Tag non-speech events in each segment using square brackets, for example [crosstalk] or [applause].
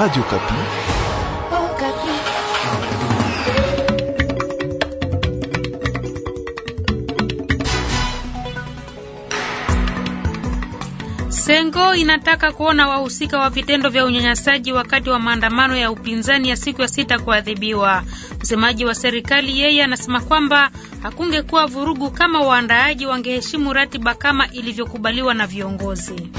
Radio Okapi. Sengo inataka kuona wahusika wa vitendo vya unyanyasaji wakati wa maandamano ya upinzani ya siku ya sita kuadhibiwa. Msemaji wa serikali yeye anasema kwamba hakungekuwa vurugu kama waandaaji wangeheshimu ratiba kama ilivyokubaliwa na viongozi.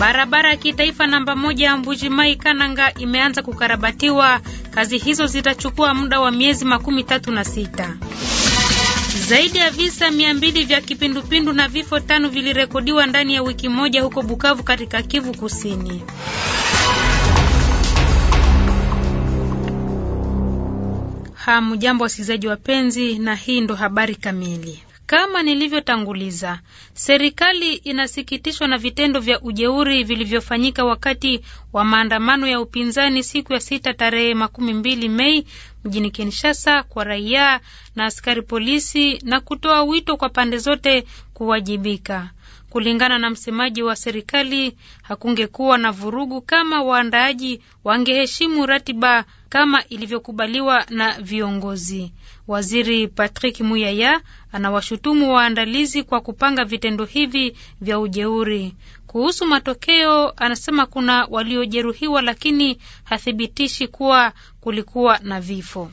Barabara ya kitaifa namba moja ya Mbujimai Kananga imeanza kukarabatiwa. Kazi hizo zitachukua muda wa miezi makumi tatu na sita. Zaidi ya visa mia mbili vya kipindupindu na vifo tano vilirekodiwa ndani ya wiki moja huko Bukavu katika Kivu Kusini. Hamjambo wasikilizaji wapenzi, na hii ndo habari kamili. Kama nilivyotanguliza, serikali inasikitishwa na vitendo vya ujeuri vilivyofanyika wakati wa maandamano ya upinzani siku ya sita tarehe makumi mbili Mei mjini Kinshasa kwa raia na askari polisi na kutoa wito kwa pande zote kuwajibika. Kulingana na msemaji wa serikali, hakungekuwa na vurugu kama waandaaji wangeheshimu ratiba kama ilivyokubaliwa na viongozi. Waziri Patrick Muyaya anawashutumu waandalizi kwa kupanga vitendo hivi vya ujeuri. Kuhusu matokeo, anasema kuna waliojeruhiwa, lakini hathibitishi kuwa kulikuwa na vifo.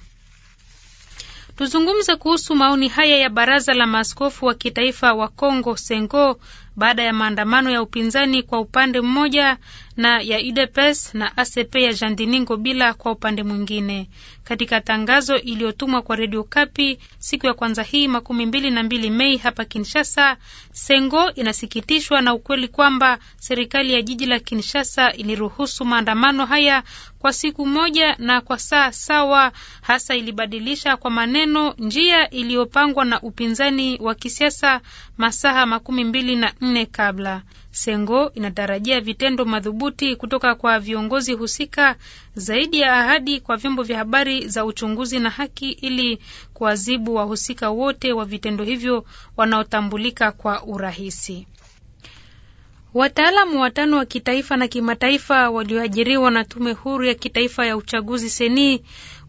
Tuzungumze kuhusu maoni haya ya baraza la maaskofu wa kitaifa wa Kongo Sengo baada ya maandamano ya upinzani kwa upande mmoja na ya UDPS na ACP ya Jandiningo bila kwa upande mwingine. Katika tangazo iliyotumwa kwa redio Kapi siku ya kwanza hii makumi mbili na mbili Mei hapa Kinshasa, Sengo inasikitishwa na ukweli kwamba serikali ya jiji la Kinshasa iliruhusu maandamano haya kwa siku moja na kwa saa sawa, hasa ilibadilisha kwa maneno njia iliyopangwa na upinzani wa kisiasa masaha makumi mbili na nne kabla. Sengo inatarajia vitendo madhubuti kutoka kwa viongozi husika zaidi ya ahadi kwa vyombo vya habari za uchunguzi na haki ili kuwazibu wahusika wote wa vitendo hivyo wanaotambulika kwa urahisi. Wataalamu watano wa kitaifa na kimataifa walioajiriwa na tume huru ya kitaifa ya uchaguzi seni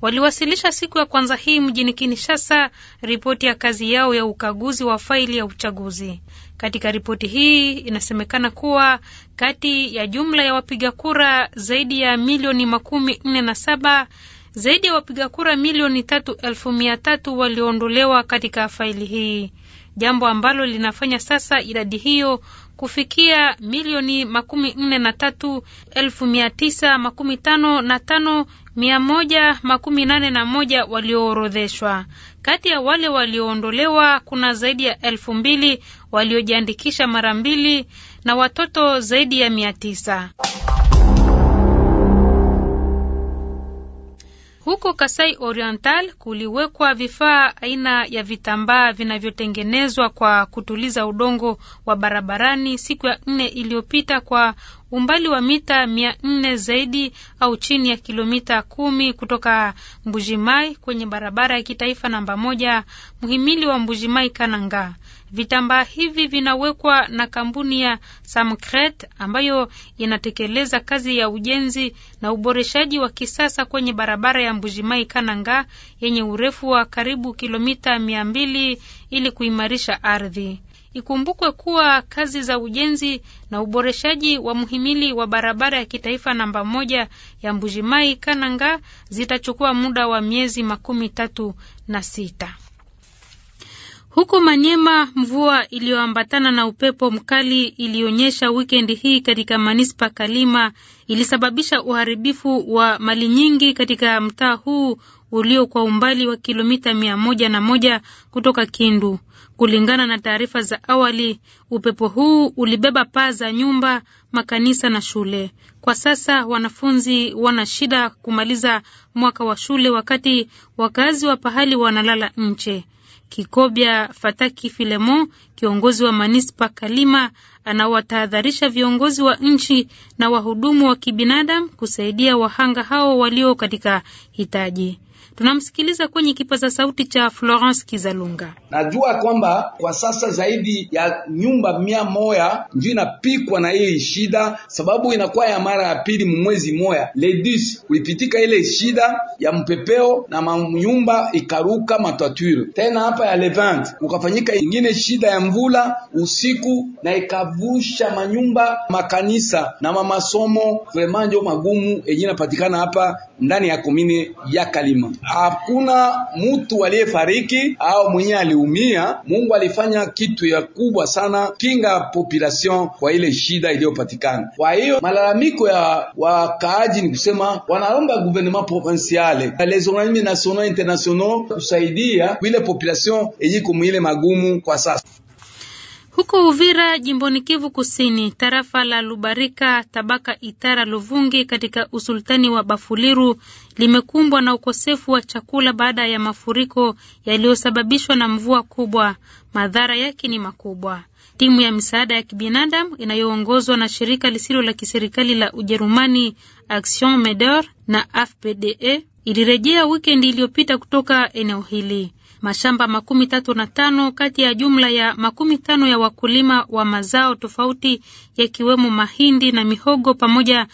waliwasilisha siku ya kwanza hii mjini Kinshasa ripoti ya kazi yao ya ukaguzi wa faili ya uchaguzi. Katika ripoti hii inasemekana kuwa kati ya jumla ya wapiga kura zaidi ya milioni makumi nne na saba zaidi ya wapiga kura milioni tatu elfu mia tatu walioondolewa katika faili hii, jambo ambalo linafanya sasa idadi hiyo kufikia milioni makumi nne na tatu elfu mia tisa makumi tano na tano mia moja makumi nane na moja walioorodheshwa. Kati ya wale walioondolewa kuna zaidi ya elfu mbili waliojiandikisha mara mbili na watoto zaidi ya mia tisa. Huko Kasai Oriental kuliwekwa vifaa aina ya vitambaa vinavyotengenezwa kwa kutuliza udongo wa barabarani siku ya nne iliyopita kwa umbali wa mita mia nne zaidi au chini ya kilomita kumi kutoka Mbujimai kwenye barabara ya kitaifa namba moja, mhimili wa Mbujimai Kananga. Vitambaa hivi vinawekwa na kampuni ya Samkret ambayo inatekeleza kazi ya ujenzi na uboreshaji wa kisasa kwenye barabara ya Mbujimai Kananga yenye urefu wa karibu kilomita mia mbili ili kuimarisha ardhi. Ikumbukwe kuwa kazi za ujenzi na uboreshaji wa mhimili wa barabara ya kitaifa namba moja ya Mbujimai Kananga zitachukua muda wa miezi makumi tatu na sita. Huko Manyema, mvua iliyoambatana na upepo mkali ilionyesha wikendi hii katika manispa Kalima ilisababisha uharibifu wa mali nyingi katika mtaa huu ulio kwa umbali wa kilomita mia moja na moja kutoka Kindu. Kulingana na taarifa za awali, upepo huu ulibeba paa za nyumba, makanisa na shule. Kwa sasa wanafunzi wana shida kumaliza mwaka wa shule, wakati wakazi wa pahali wanalala nje. Kikobya Fataki Filemon, kiongozi wa manispa Kalima, anawatahadharisha viongozi wa nchi na wahudumu wa kibinadamu kusaidia wahanga hao walio katika hitaji. Tunamsikiliza kwenye kipaza sauti cha Florence Kizalunga. Najua kwamba kwa sasa zaidi ya nyumba mia moya ndio inapikwa na ile shida, sababu inakuwa ya mara ya pili mwezi moya. Ledis kulipitika ile shida ya mpepeo na manyumba ikaruka matwature, tena hapa ya Levant kukafanyika ingine shida ya mvula usiku na ikavusha manyumba, makanisa na mamasomo. Vrema ndio magumu yenye inapatikana hapa ndani ya komine ya Kalima hakuna mtu aliyefariki au mwenye aliumia. Mungu alifanya kitu ya kubwa sana kinga population kwa ile shida iliyopatikana. Kwa hiyo malalamiko ya wakaaji ni kusema wanaomba gouvernement provincial les organismes nationaux internationaux kusaidia kwile population yenye mwile magumu kwa sasa. Huko Uvira jimboni Kivu Kusini, tarafa la Lubarika, tabaka Itara Luvungi katika usultani wa Bafuliru limekumbwa na ukosefu wa chakula baada ya mafuriko yaliyosababishwa na mvua kubwa. Madhara yake ni makubwa. Timu ya misaada ya kibinadamu inayoongozwa na shirika lisilo la kiserikali la Ujerumani Action Medor na fpde ilirejea wikendi iliyopita kutoka eneo hili mashamba makumi tatu na tano kati ya jumla ya makumi tano ya wakulima wa mazao tofauti yakiwemo mahindi na mihogo pamoja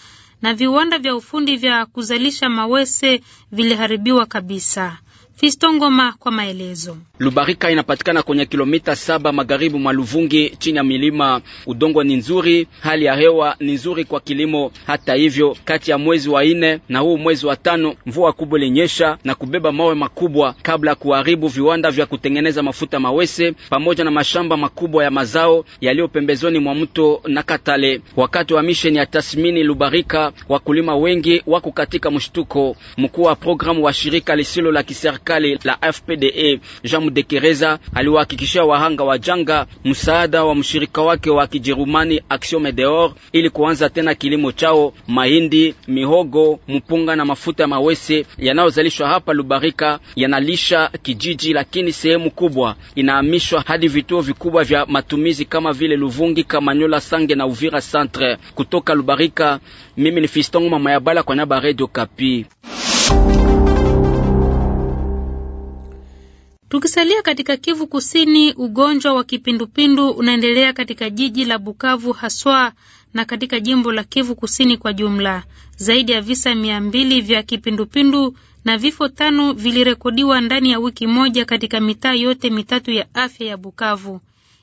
na viwanda vya ufundi vya kuzalisha mawese viliharibiwa kabisa. Fiston Ngoma kwa maelezo. Lubarika inapatikana kwenye kilomita saba magharibi mwa Luvungi chini ya milima. Udongo ni nzuri, hali ya hewa ni nzuri kwa kilimo. Hata hivyo, kati ya mwezi wa nne na huu mwezi wa tano mvua kubwa ilinyesha na kubeba mawe makubwa kabla ya kuharibu viwanda vya kutengeneza mafuta mawese pamoja na mashamba makubwa ya mazao yaliyo pembezoni mwa mto na Katale. Wakati wa misheni ya tasmini Lubarika, wakulima wengi wako katika mshtuko. Mkuu wa programu wa shirika lisilo la kiserikali serikali la FPDE Jean Mudekereza aliwahakikishia wahanga wa janga msaada wa mshirika wake wa Kijerumani Action Medeor ili kuanza tena kilimo chao mahindi, mihogo, mpunga na mafuta ya mawese yanayozalishwa hapa Lubarika yanalisha kijiji, lakini sehemu kubwa inahamishwa hadi vituo vikubwa vya matumizi kama vile Luvungi, Kamanyola, Sange na Uvira Centre. Kutoka Lubarika, mimi ni Fistongo Mama ya Bala kwa niaba Radio Kapi. Tukisalia katika Kivu Kusini, ugonjwa wa kipindupindu unaendelea katika jiji la Bukavu haswa na katika jimbo la Kivu Kusini kwa jumla. Zaidi ya visa mia mbili vya kipindupindu na vifo tano vilirekodiwa ndani ya wiki moja katika mitaa yote mitatu ya afya ya Bukavu.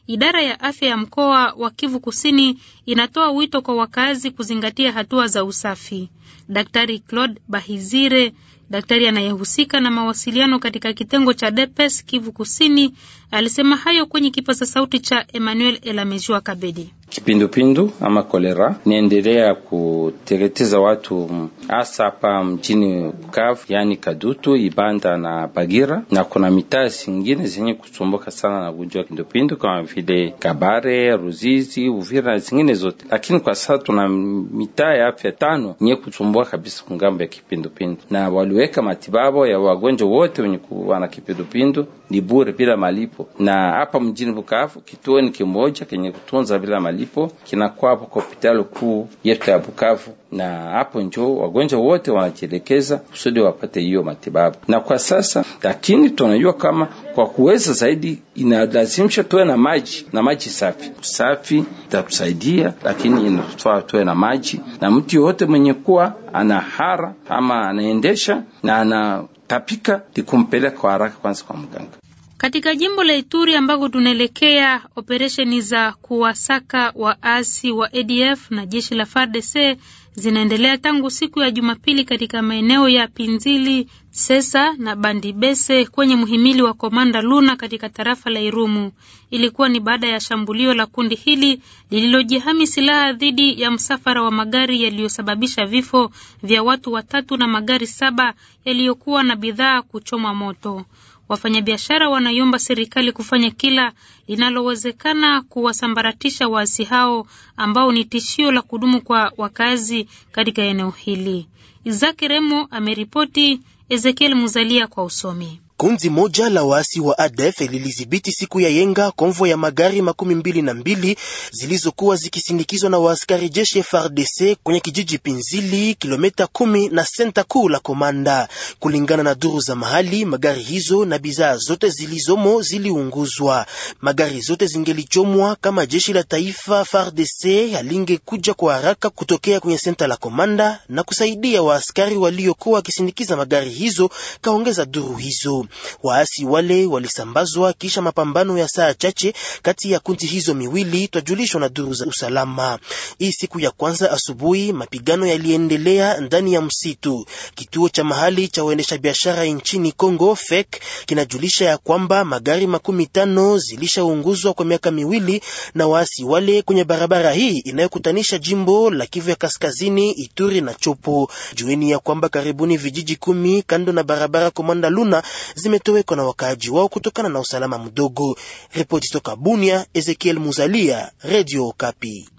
Idara ya afya ya mkoa wa Kivu Kusini inatoa wito kwa wakazi kuzingatia hatua za usafi. Daktari Claude Bahizire Daktari anayehusika na mawasiliano katika kitengo cha Depes Kivu Kusini alisema hayo kwenye kipaza sauti cha Emmanuel Elamejua Kabedi kipindupindu ama kolera. Niendelea kuteketeza watu hasa hapa mjini Bukavu, yani Kadutu, Ibanda na Bagira, na kuna mitaa zingine zenye kusumbuka sana na wa kipindupindu kama vile Kabare, Ruzizi, Uvira na zingine zote, lakini kwa sasa tuna mitaa ya afya tano nye kusumbua kabisa kungambo ya kipindupindu, na waliweka matibabu ya wagonjwa wote wenye kuwa na kipindupindu ni bure bila malipo, na hapa mjini Bukavu kituoni kimoja kenye kutunza bila malipo ndipo kinakuwa hapo kwa hospitali kuu yetu ya Bukavu, na hapo njo wagonjwa wote wanajielekeza kusudi wapate hiyo matibabu na kwa sasa. Lakini tunajua kama kwa kuweza zaidi inalazimisha tuwe na maji na maji safi. Safi itatusaidia, lakini inatufaa tuwe na maji, na mtu yoyote mwenye kuwa ana hara ama anaendesha na anatapika, likumpeleka kwa haraka kwanza kwa mganga. Katika jimbo la Ituri ambako tunaelekea, operesheni za kuwasaka waasi wa ADF na jeshi la FARDC zinaendelea tangu siku ya Jumapili katika maeneo ya Pinzili, Sesa na Bandibese kwenye mhimili wa Komanda Luna katika tarafa la Irumu. Ilikuwa ni baada ya shambulio la kundi hili lililojihami silaha dhidi ya msafara wa magari yaliyosababisha vifo vya watu watatu na magari saba yaliyokuwa na bidhaa kuchoma moto. Wafanyabiashara wanaiomba serikali kufanya kila linalowezekana kuwasambaratisha waasi hao ambao ni tishio la kudumu kwa wakazi katika eneo hili. Izaki Remo ameripoti, Ezekiel Muzalia kwa usomi. Kundi moja la waasi wa ADF lilidhibiti siku ya yenga konvo ya magari makumi mbili na mbili zilizokuwa zikisindikizwa na waaskari jeshi FARDC kwenye kijiji Pinzili, kilomita kumi na senta kuu la Komanda. Kulingana na duru za mahali, magari hizo na bidhaa zote zilizomo ziliunguzwa. Magari zote zingelichomwa kama jeshi la taifa FARDC halingekuja kwa haraka kutokea kwenye senta la Komanda na kusaidia waaskari waliokuwa wakisindikiza magari hizo, kaongeza duru hizo. Waasi wale walisambazwa kisha mapambano ya saa chache kati ya kundi hizo miwili, twajulishwa na duru za usalama. Hii siku ya kwanza asubuhi, mapigano yaliendelea ndani ya msitu. Kituo cha mahali cha waendesha biashara nchini congo FEC kinajulisha ya kwamba magari makumi tano zilishaunguzwa kwa miaka miwili na waasi wale kwenye barabara hii inayokutanisha jimbo la Kivu ya Kaskazini, Ituri na Chopo. Jueni ya kwamba karibuni vijiji kumi kando na barabara Komanda Luna zimetowekwa na wakaaji wao kutokana na usalama mdogo. Ripoti toka Bunia, Ezekiel Muzalia, Radio Okapi.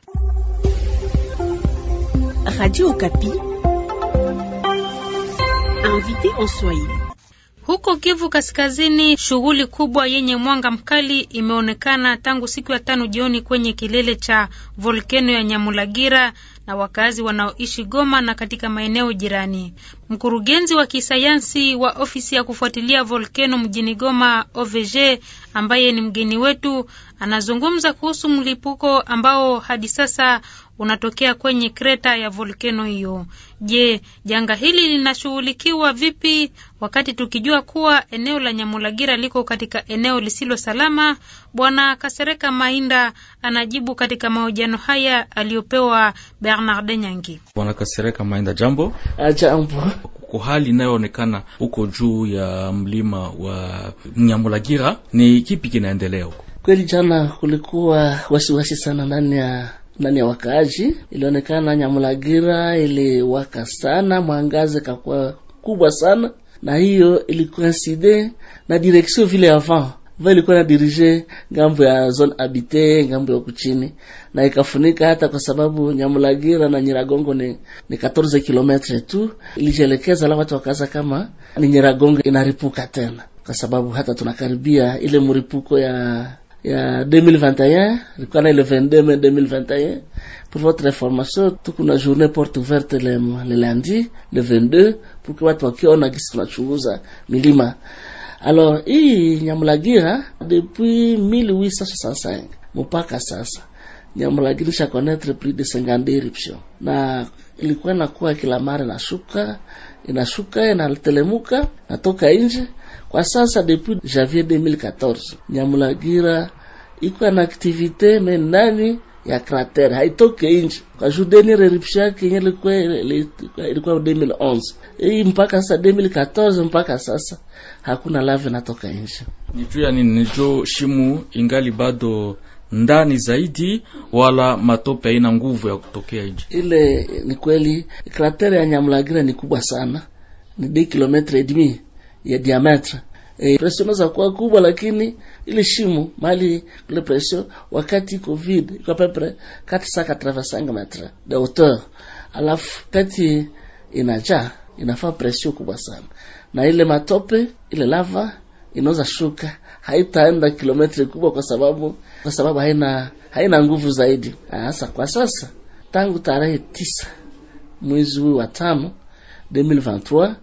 Radio Okapi. Huko Kivu Kaskazini, shughuli kubwa yenye mwanga mkali imeonekana tangu siku ya tano jioni kwenye kilele cha volkeno ya Nyamulagira na wakazi wanaoishi Goma na katika maeneo jirani. Mkurugenzi wa kisayansi wa ofisi ya kufuatilia volkeno mjini Goma, OVG, ambaye ni mgeni wetu, anazungumza kuhusu mlipuko ambao hadi sasa unatokea kwenye kreta ya volkeno hiyo. Je, janga hili linashughulikiwa vipi, wakati tukijua kuwa eneo la Nyamulagira liko katika eneo lisilo salama? Bwana Kasereka Mainda anajibu katika mahojiano haya aliyopewa Bernarde Nyangi. Bwana Kasereka Mainda, jambo. Ah, jambo. Hali inayoonekana huko juu ya mlima wa Nyamulagira ni kipi kinaendelea huko? Kweli jana kulikuwa wasiwasi sana ndani ya ndani ya wakaaji. Ilionekana Nyamulagira iliwaka sana, mwangaze kakuwa kubwa sana, na hiyo ilikoinside na direksio vile avant va ilikuwa na dirije ngambo ya zone habite ngambo ya kuchini, na ikafunika hata kwa sababu Nyamulagira na Nyiragongo ni, ni 14 kilometre tu, ilijelekeza la watu wakaza kama ni Nyiragongo inaripuka tena, kwa sababu hata tunakaribia ile mripuko ya il y a 2021, le 22 mai 2021, pour votre information, toute une journée porte ouverte le, le lundi, le 22, pour que vous ce wakiona gisi tunachunguza milima. Alors, hein, il hii Nyamulagira, depuis 1865, pas mpaka sasa, Nyamulagira isha connaître plus de 50 eruptions. Na ilikuwa inakuwa a mara en train de se nje, Kwa sasa depuis janvier 2014 Nyamulagira iko na activité me ndani ya cratere haitoke nje. Kwa judeni eruption yake yenye ilikuwa ilikuwa 2011 hii mpaka sasa 2014 mpaka sasa hakuna lava natoka nje. Ni juu ya nini? Ni juu shimu ingali bado ndani zaidi, wala matope haina nguvu ya kutokea nje. Ile ni kweli, kratere ya Nyamulagira ni kubwa sana, ni 2 kilomita 5 ya diametre e, presha inaweza kuwa kubwa, lakini ile shimo mali ile presha wakati covid iko kati saka apepre 485 metre de hauteur, alafu kati inajaa inafaa presha kubwa sana, na ile matope ile lava inaweza shuka haitaenda kilometri kubwa, kwa sababu kwa sababu haina haina nguvu zaidi. Hasa ah, kwa sasa tangu tarehe tisa mwezi huu wa tano 2023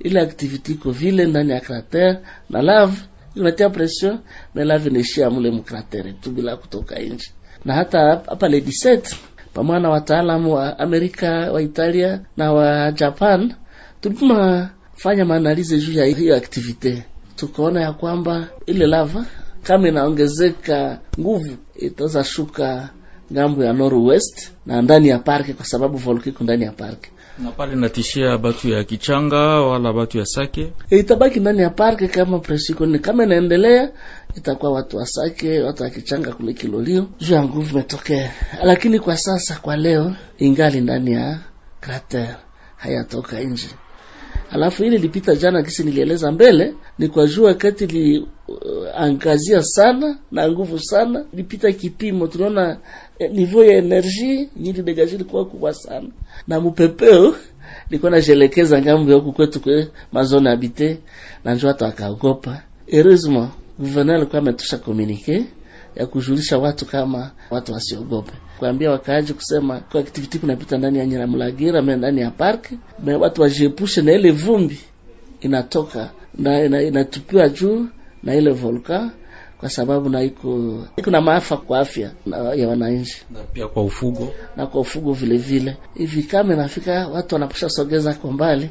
ile activity iko vile ndani ya cratere na lava inatia pression na lava inaishia mule mkratere tu bila kutoka nje. Na hata hapa le Set pamoja na wataalamu wa Amerika, wa Italia na wa Japan tulipima fanya maanalize juu ya hiyo activity, tukaona ya kwamba ile lava kama inaongezeka nguvu itaweza shuka ngambo ya northwest na ndani ya parke, kwa sababu volkiko ndani ya parke na pale natishia batu ya Kichanga wala batu ya Sake eh, itabaki ndani ya parke. Kama presiko ni kama inaendelea, itakuwa watu wa Sake, watu wa Kichanga kule Kilolio juu ya nguvu metokea lakini kwa sasa, kwa leo, ingali ndani ya krater, hayatoka nje. Alafu ile ilipita jana, kisi nilieleza mbele, ni kwa jua kati li uh, sana na nguvu sana, lipita kipimo. Tunaona eh, ya enerji nyili degaji likuwa kubwa sana, na mupepeo likuwa najelekeza ngambo ya huku kwetu kwe mazone habite, na njua hata akaogopa. Heureusement, gouverneur alikuwa ametusha communique ya kujulisha watu kama watu wasiogope, kuambia wakaaji kusema kwa kitikiti kunapita ndani ya Nyiramulagira me ndani ya park me, watu wajiepushe na ile vumbi inatoka na inatupiwa ina, juu na ile volka kwa sababu na iko iko na maafa kwa afya na, ya wananchi na pia kwa ufugo na kwa ufugo vile vile. Hivi kama inafika watu wanaposha sogeza kwa mbali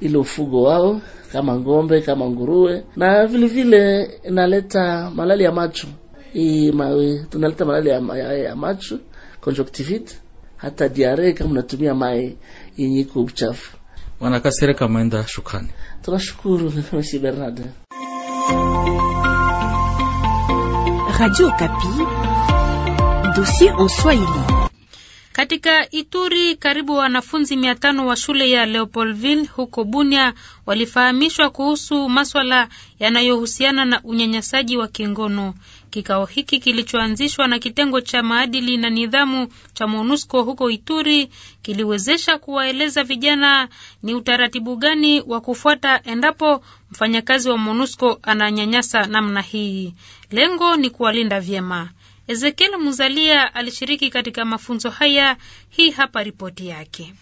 ile ufugo wao kama ng'ombe kama nguruwe, na vile vile inaleta malali ya macho hii mawe tunaleta malaria ya, ya, ya macho conjunctivit, hata diare kama unatumia mai yenye wana kasere kama enda shukrani, tunashukuru [laughs] Mesi Bernard, Radio Kapi, dossier en Swahili. Katika Ituri, karibu wanafunzi mia tano wa shule ya Leopoldville huko Bunia walifahamishwa kuhusu maswala yanayohusiana na unyanyasaji wa kingono. Kikao hiki kilichoanzishwa na kitengo cha maadili na nidhamu cha MONUSCO huko Ituri kiliwezesha kuwaeleza vijana ni utaratibu gani wa kufuata endapo mfanyakazi wa MONUSCO ananyanyasa namna hii. Lengo ni kuwalinda vyema. Ezekiel Muzalia alishiriki katika mafunzo haya. Hii hapa ripoti yake.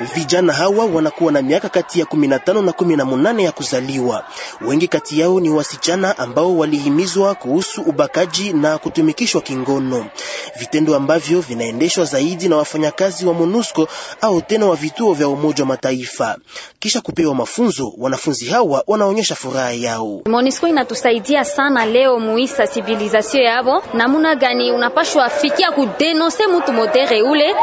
Vijana hawa wanakuwa na miaka kati ya 15 na 18 ya kuzaliwa. Wengi kati yao ni wasichana ambao walihimizwa kuhusu ubakaji na kutumikishwa kingono, vitendo ambavyo vinaendeshwa zaidi na wafanyakazi wa MONUSCO au tena wa vituo vya Umoja wa Mataifa. Kisha kupewa mafunzo, wanafunzi hawa wanaonyesha furaha yao. MONUSCO inatusaidia sana leo muisa sivilizasio yavo, namuna gani unapashwa fikia kudenose mutu modere ule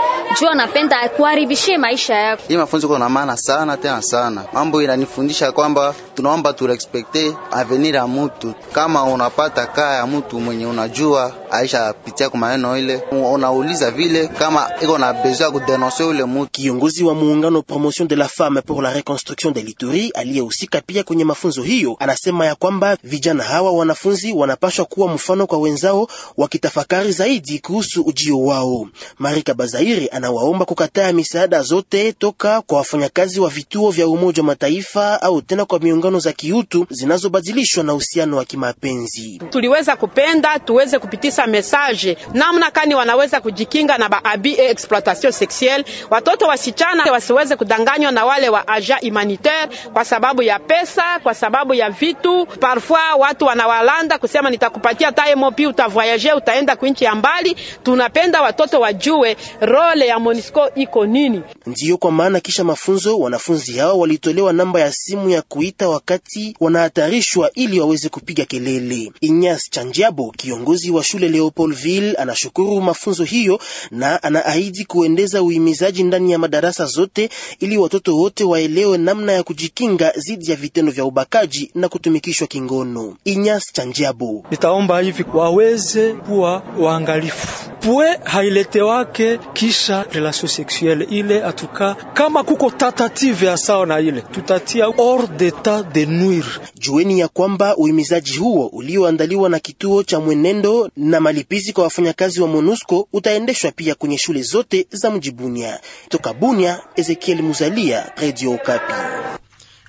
juu anapenda kuharibishie maisha yako. Hii mafunzo kuna maana sana tena sana, mambo inanifundisha kwamba tunaomba tu respecte avenir ya mtu. Kama unapata kaa ya mtu mwenye unajua aisha pitia kwa maneno ile, unauliza vile kama iko na besoin ku denoncer ule mtu. Kiongozi wa muungano Promotion de la Femme pour la Reconstruction de l'Ituri aliyehusika pia kwenye mafunzo hiyo anasema ya kwamba vijana hawa wanafunzi wanapaswa kuwa mfano kwa wenzao, wakitafakari zaidi kuhusu ujio wao. Marika Bazairi anawaomba kukataa misaada zote toka kwa wafanyakazi wa vituo vya Umoja wa Mataifa au tena kwa miungano za kiutu zinazobadilishwa na uhusiano wa kimapenzi. Tuliweza kupenda tuweze kupitisa mesaje namna kani wanaweza kujikinga na baabi e exploitation sexuelle, watoto wasichana wasiweze kudanganywa na wale wa aja humanitaire kwa sababu ya pesa, kwa sababu ya vitu. Parfois watu wanawalanda kusema nitakupatia taimopi, utavoyager, utaenda kuinchi ya mbali. Tunapenda watoto wajue role ya Monisco iko nini, ndio kwa maana kisha mafunzo wanafunzi hao walitolewa namba ya simu ya kuita wakati wanahatarishwa ili waweze kupiga kelele. Ignace Chanjiabo, kiongozi wa shule Leopoldville, anashukuru mafunzo hiyo na anaahidi kuendeza uhimizaji ndani ya madarasa zote ili watoto wote waelewe namna ya kujikinga dhidi ya vitendo vya ubakaji na kutumikishwa kingono. Ignace Chanjiabo: nitaomba hivi waweze kuwa waangalifu, pwe hailete wake kisha relation sexuelle ile atuka kama kuko tatative ya sawa na ile tutatia hors d'etat de nuir. Jueni ya kwamba uhimizaji huo ulioandaliwa na kituo cha mwenendo na malipizi kwa wafanyakazi wa MONUSCO utaendeshwa pia kwenye shule zote za mji Bunia. Toka Bunia, Ezekiel Muzalia, Radio Okapi.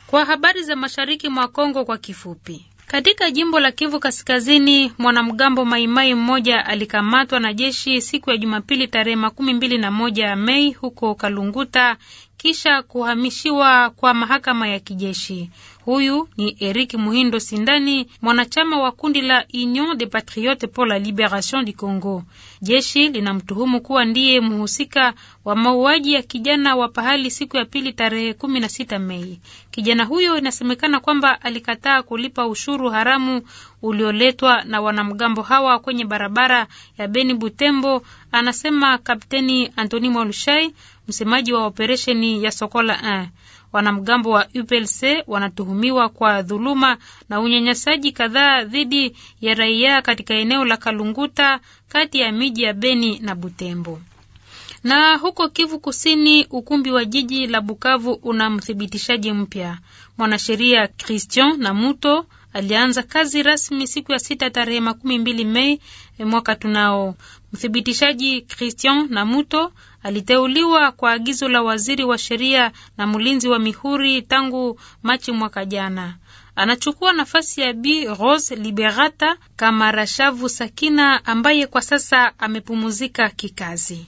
Kwa habari za mashariki mwa Kongo kwa kifupi. Katika jimbo la Kivu Kaskazini, mwanamgambo Maimai mmoja alikamatwa na jeshi siku ya Jumapili tarehe makumi mbili na moja Mei huko Kalunguta, kisha kuhamishiwa kwa mahakama ya kijeshi. Huyu ni Eric Muhindo Sindani, mwanachama wa kundi la Union des Patriotes pour la Liberation du Congo. Jeshi linamtuhumu kuwa ndiye mhusika wa mauaji ya kijana wa pahali siku ya pili tarehe kumi na sita Mei. Kijana huyo inasemekana kwamba alikataa kulipa ushuru haramu ulioletwa na wanamgambo hawa kwenye barabara ya Beni Butembo, anasema Kapteni Antoni Mwalushai, msemaji wa operesheni ya Sokola 1. Wanamgambo wa UPLC wanatuhumiwa kwa dhuluma na unyanyasaji kadhaa dhidi ya raia katika eneo la Kalunguta kati ya miji ya Beni na Butembo. Na huko Kivu Kusini, ukumbi wa jiji la Bukavu una mthibitishaji mpya. Mwanasheria Christian Namuto alianza kazi rasmi siku ya sita tarehe makumi mbili Mei eh, mwaka tunao. Mthibitishaji Christian Namuto aliteuliwa kwa agizo la waziri wa sheria na mlinzi wa mihuri tangu Machi mwaka jana. Anachukua nafasi ya Bi Rose Liberata Kamarashavu Sakina ambaye kwa sasa amepumuzika kikazi.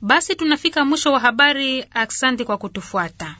Basi tunafika mwisho wa habari. Asante kwa kutufuata.